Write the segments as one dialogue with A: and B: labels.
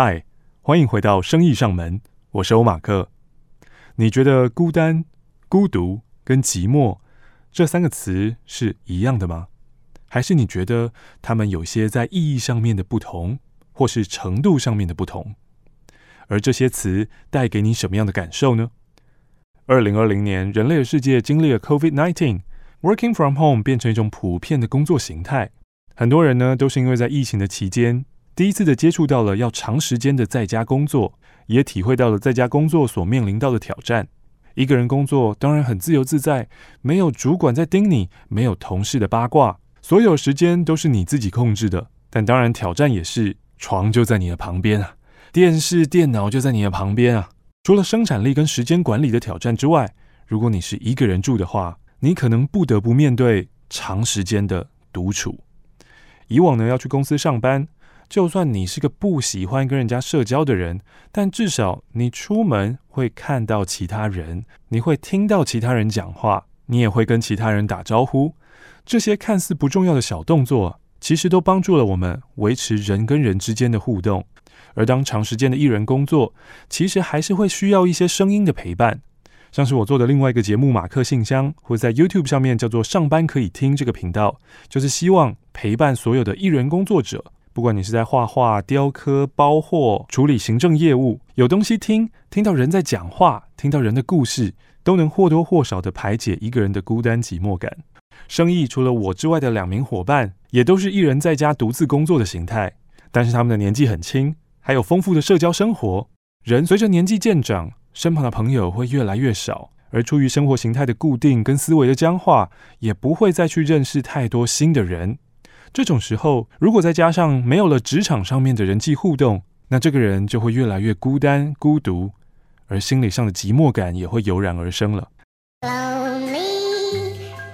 A: 嗨，Hi，歡迎回到聲藝上門，我是歐馬克。你覺得孤單、孤獨跟寂寞這三個詞是一樣的嗎？還是你覺得它們有些在意義上面的不同，或是程度上面的不同？而這些詞帶給你什麼樣的感受呢？二零二零年，人類的世界經歷了 COVID nineteen，working from home 變成一種普遍的工作形態。很多人呢，都是因為在疫情的期間，第一次的接觸到了要長時間的在家工作，也體會到了在家工作所面臨到的挑戰。一個人工作當然很自由自在，沒有主管在盯你，沒有同事的八卦，所有時間都是你自己控制的。但當然挑戰也是，床就在你的旁邊啊，電視、電腦就在你的旁邊啊。除了生產力跟時間管理的挑戰之外，如果你是一個人住的話，你可能不得不面對長時間的獨處。以往呢要去公司上班，就算你是個不喜歡跟人家社交的人，但至少你出門會看到其他人，你會聽到其他人講話，你也會跟其他人打招呼。這些看似不重要的小動作，其實都幫助了我們維持人跟人之間的互動。而當長時間的一人工作，其實還是會需要一些聲音的陪伴。像是我做的另外一個節目《馬克信箱》，會在 YouTube 上面叫做“上班可以聽”這個頻道，就是希望陪伴所有的一人工作者。不管你是在畫畫、雕刻、包貨、處理行政業務，有東西聽，聽到人在講話，聽到人的故事，都能或多或少地排解一個人的孤單寂寞感。聲藝除了我之外的兩名夥伴，也都是一人在家獨自工作的形態。但是他們的年紀很輕，還有豐富的社交生活。人隨着年紀漸長，身旁的朋友會越來越少，而出於生活形態的固定跟思維的僵化，也不會再去認識太多新的人。這種時候，如果再加上沒有了職場上面的人際互動，那這個人就會越來越孤單、孤獨，而心理上的寂寞感也會油然而生了。Lonely,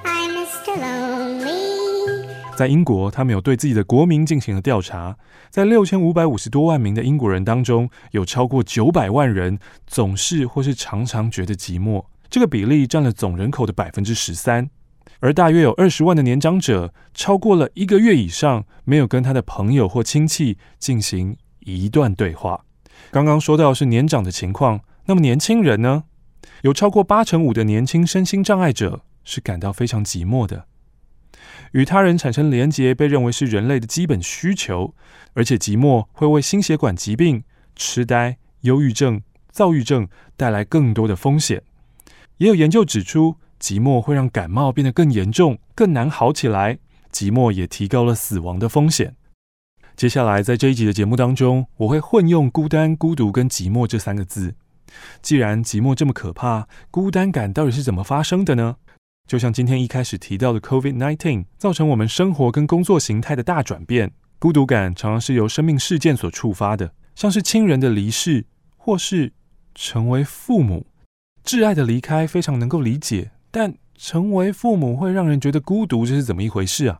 A: I'm Mr. Lonely，在英國，他們有對自己的國民進行了調查，在六千五百五十多萬名的英國人當中，有超過九百萬人總是或是常常覺得寂寞，這個比例佔了總人口的百分之十三。而大約有二十萬的年長者，超過了一個月以上沒有跟他的朋友或親戚進行一段對話。剛剛說到是年長的情況，那麼年輕人呢？有超過八成五的年輕身心障礙者是感到非常寂寞的。與他人產生連結被認為是人類的基本需求，而且寂寞會為心血管疾病、痴呆、憂鬱症、躁鬱症帶來更多的風險。也有研究指出，寂寞會讓感冒變得更嚴重、更難好起來。寂寞也提高了死亡的風險。接下來，在這一集的節目當中，我會混用“孤單”、“孤獨”跟“寂寞”這三個字。既然寂寞這麼可怕，孤單感到底是怎麼發生的呢？就像今天一開始提到的 COVID-19，造成我們生活跟工作形態的大轉變。孤獨感常常是由生命事件所觸發的，像是親人的離世，或是成為父母、摯愛的離開。非常能夠理解。但成為父母會讓人覺得孤獨，這是怎麼一回事啊？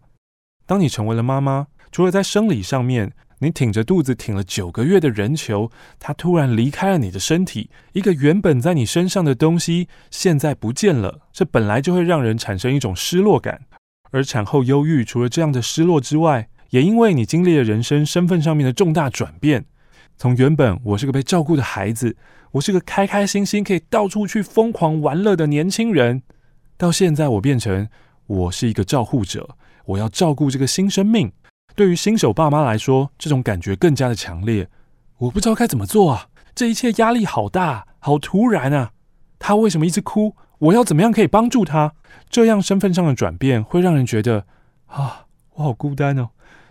A: 當你成為了媽媽，除了在生理上面，你挺着肚子挺了九個月的人球，它突然離開了你的身體，一個原本在你身上的東西現在不見了，這本來就會讓人產生一種失落感。而產後憂鬱，除了這樣的失落之外，也因為你經歷了人生身份上面的重大轉變，從原本我是個被照顧的孩子，我是個開開心心可以到處去瘋狂玩樂的年輕人。到現在，我變成我是一個照護者，我要照顧這個新生命。對於新手爸媽來說，這種感覺更加的強烈。我不知道該怎麼做啊！這一切壓力好大，好突然啊！他為什麼一直哭？我要怎麼樣可以幫助他？這樣身份上的轉變會讓人覺得啊，我好孤單哦，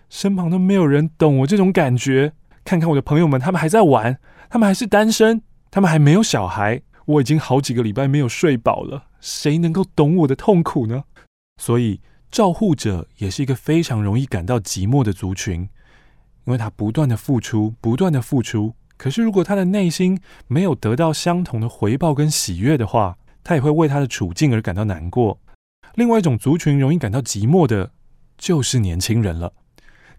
A: 身旁都沒有人懂我這種感覺。看看我的朋友們，他們還在玩，他們還是單身，他們還沒有小孩。我已經好幾個禮拜沒有睡飽了，誰能夠懂我的痛苦呢？所以，照護者也是一個非常容易感到寂寞的族群，因為他不斷地付出，不斷地付出。可是，如果他的內心沒有得到相同的回報跟喜悅的話，他也會為他的處境而感到難過。另外一種族群容易感到寂寞的，就是年輕人了。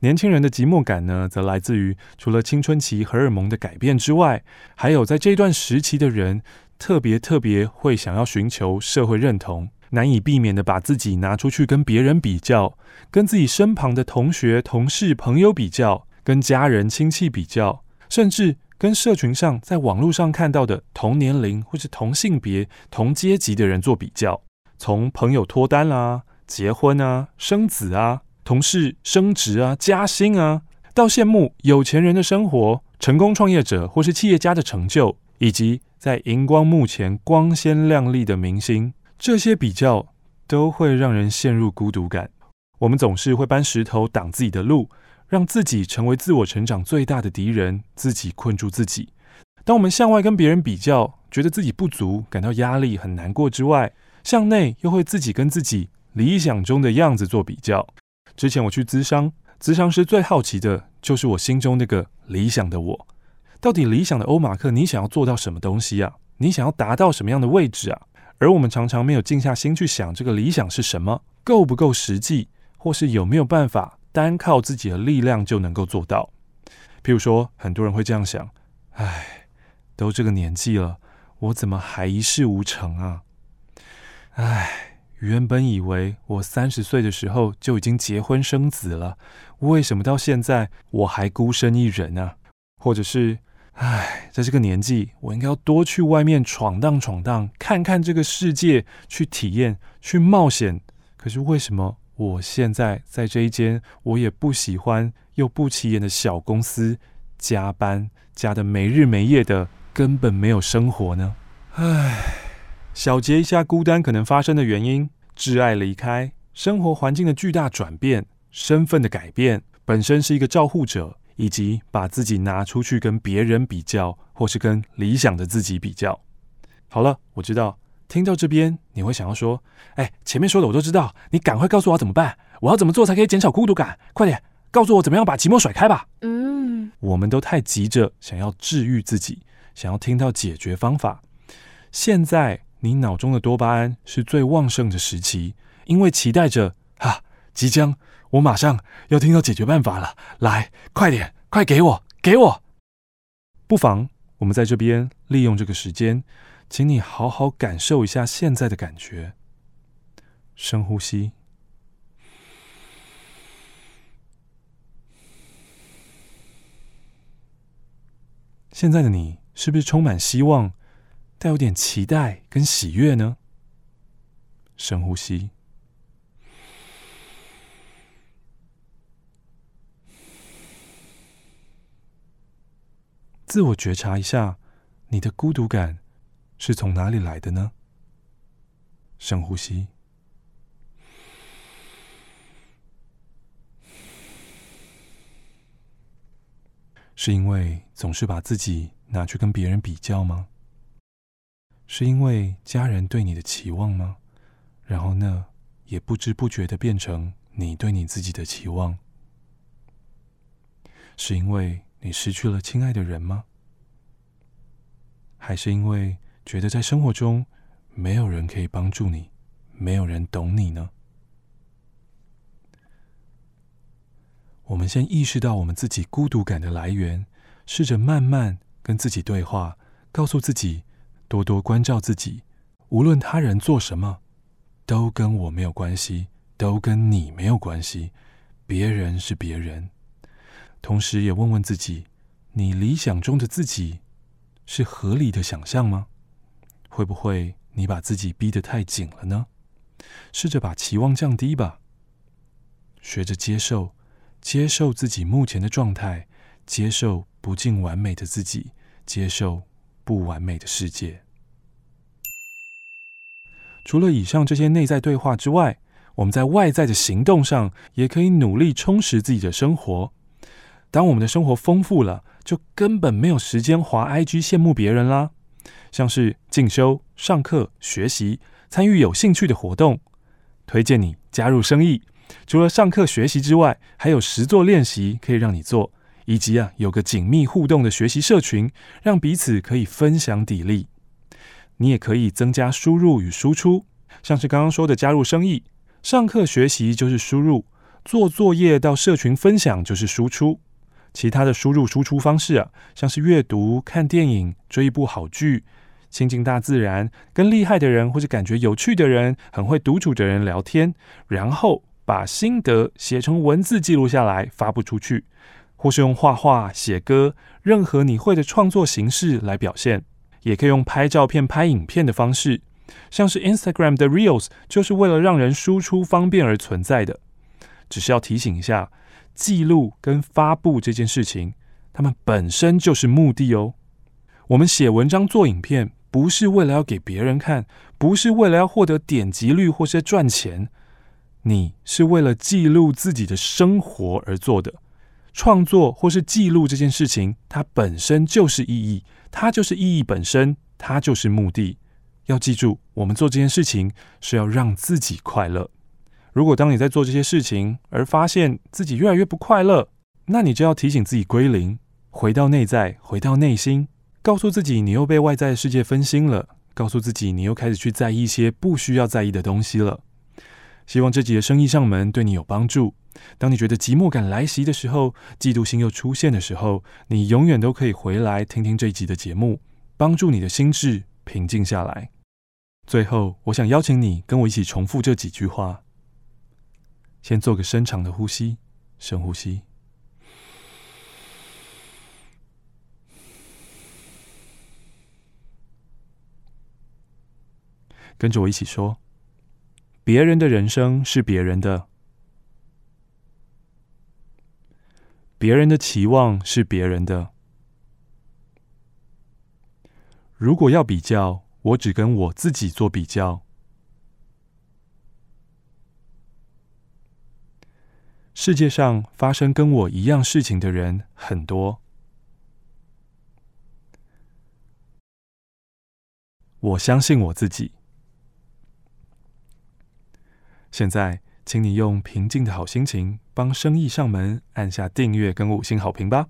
A: 年輕人的寂寞感呢，則來自於除了青春期荷爾蒙的改變之外，還有在這段時期的人。特別特別會想要尋求社會認同，難以避免的把自己拿出去跟別人比較，跟自己身旁的同學、同事、朋友比較，跟家人、親戚比較，甚至跟社群上在網絡上看到的同年齡或是同性別、同階級的人做比較。從朋友脫單啦、啊、結婚啊、生子啊，同事升職啊、加薪啊，到羨慕有錢人的生活、成功創業者或是企業家的成就。以及在熒光幕前光鮮亮麗的明星，這些比較都會讓人陷入孤獨感。我們總是會搬石頭擋自己的路，讓自己成為自我成長最大的敵人，自己困住自己。當我們向外跟別人比較，覺得自己不足，感到壓力很難過之外，向內又會自己跟自己理想中的樣子做比較。之前我去諮商，諮商師最好奇的就是我心中那個理想的我。到底理想的歐馬克，你想要做到什麼東西啊？你想要達到什麼樣的位置啊？而我們常常沒有靜下心去想，這個理想是什麼，夠不夠實際，或是有沒有辦法單靠自己的力量就能夠做到？譬如說，很多人會這樣想：哎，都這個年紀了，我怎麼還一事無成啊？哎，原本以為我三十歲的時候就已經結婚生子了，為什麼到現在我還孤身一人啊？或者是，唉，在這個年紀，我應該要多去外面闖蕩闖蕩，看看這個世界，去體驗，去冒險。可是為什麼我現在在這一間我也不喜歡又不起眼的小公司加班加得沒日沒夜的，根本沒有生活呢？唉，小結一下孤單可能發生的原因：摯愛離開，生活環境的巨大轉變，身份的改變，本身是一個照護者。以及把自己拿出去跟別人比較，或是跟理想的自己比較。好了，我知道聽到這邊你會想要說：“哎、欸，前面說的我都知道，你趕快告訴我怎麼辦？我要怎麼做才可以減少孤獨感？快點告訴我怎麼樣把寂寞甩開吧。”嗯，我們都太急着想要治癒自己，想要聽到解決方法。現在你腦中的多巴胺是最旺盛的時期，因為期待着啊，即將。我馬上要聽到解決辦法了，來，快點，快給我，給我！不妨我們在這邊利用這個時間，請你好好感受一下現在的感覺。深呼吸。現在的你是不是充滿希望，帶有點期待跟喜悅呢？深呼吸。自我覺察一下，你的孤獨感是從哪裡來的呢？深呼吸。是因為總是把自己拿去跟別人比較嗎？是因為家人對你的期望嗎？然後呢，也不知不覺的變成你對你自己的期望。是因為？你失去了親愛的人嗎？還是因為覺得在生活中沒有人可以幫助你，沒有人懂你呢？我們先意識到我們自己孤獨感的來源，試着慢慢跟自己對話，告訴自己，多多關照自己，無論他人做什麼，都跟我沒有關係，都跟你沒有關係，別人是別人。同時也問問自己，你理想中的自己是合理的想象嗎？會不會你把自己逼得太緊了呢？試着把期望降低吧，學着接受，接受自己目前的狀態，接受不盡完美的自己，接受不完美的世界。除了以上這些內在對話之外，我們在外在的行動上也可以努力充實自己的生活。當我們的生活豐富了，就根本沒有時間滑 IG 羨慕別人啦。像是進修、上課、學習、參與有興趣的活動，推薦你加入聲藝。除了上課學習之外，還有實作練習可以讓你做，以及啊有個緊密互動的學習社群，讓彼此可以分享砥礪。你也可以增加輸入與輸出，像是剛剛說的加入聲藝、上課學習就是輸入，做作業到社群分享就是輸出。其他的輸入輸出方式啊，像是閱讀、看電影、追一部好劇、親近大自然、跟厲害的人或者感覺有趣的人、很會獨處的人聊天，然後把心得寫成文字記錄下來發布出去，或是用畫畫、寫歌，任何你會的創作形式來表現，也可以用拍照片、拍影片的方式，像是 Instagram 的 Reels 就是為了讓人輸出方便而存在的。只是要提醒一下。記錄跟發布這件事情，它們本身就是目的哦。我們寫文章、做影片，不是為了要給別人看，不是為了要獲得點擊率或是賺錢。你是為了記錄自己的生活而做的創作或是記錄這件事情，它本身就是意義，它就是意義本身，它就是目的。要記住，我們做這件事情是要讓自己快樂。如果當你在做這些事情，而發現自己越來越不快樂，那你就要提醒自己歸零，回到內在，回到內心，告訴自己你又被外在的世界分心了，告訴自己你又開始去在意一些不需要在意的東西了。希望這集的生意上門對你有幫助。當你覺得寂寞感來襲的時候，嫉妒心又出現的時候，你永遠都可以回來聽聽這一集的節目，幫助你的心智平靜下來。最後，我想邀請你跟我一起重複這幾句話。先做個深長的呼吸，深呼吸，跟着我一起說：“別人的人生是別人的，別人的期望是別人的。如果要比較，我只跟我自己做比較。”世界上發生跟我一樣事情的人很多，我相信我自己。現在，請你用平靜的好心情幫聲藝上門按下訂閱跟五星好評吧，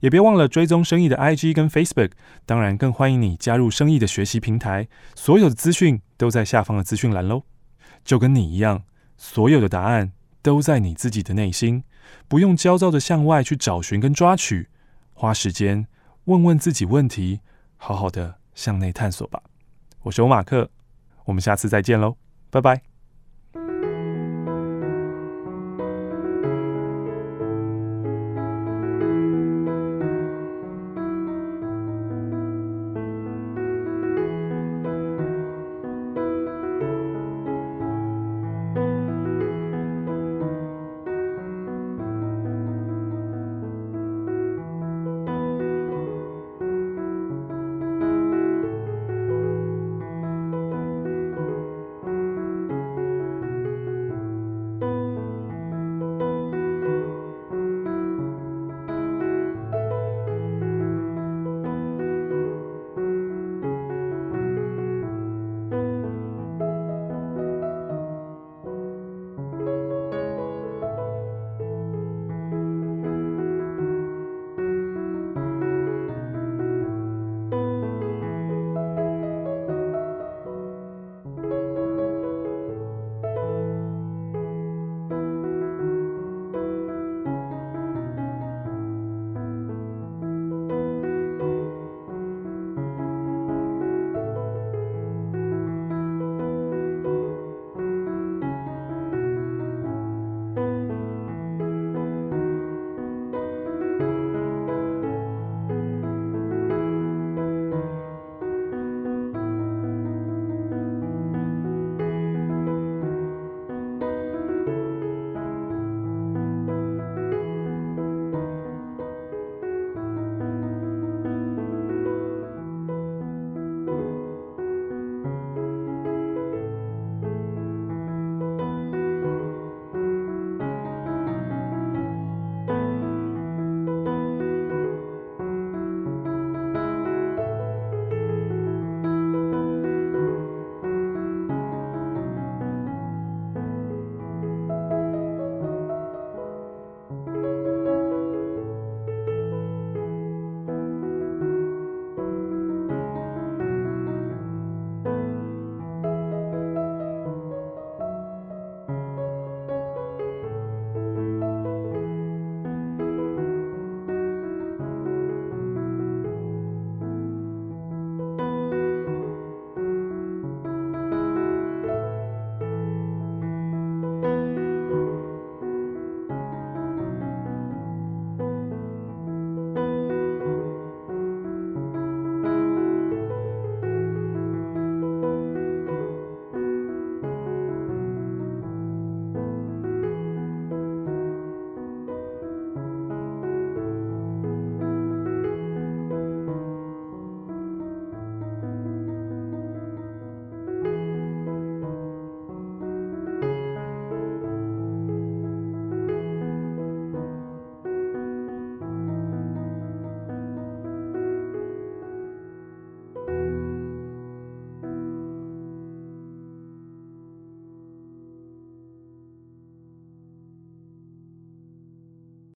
A: 也別忘了追蹤聲藝的 IG 跟 Facebook。當然，更歡迎你加入聲藝的學習平台，所有的資訊都在下方的資訊欄嘍。就跟你一樣，所有的答案。都在你自己的內心，不用焦躁的向外去找尋跟抓取，花時間問問自己問題，好好的向內探索吧。我是歐馬克，我們下次再見嘍，拜拜。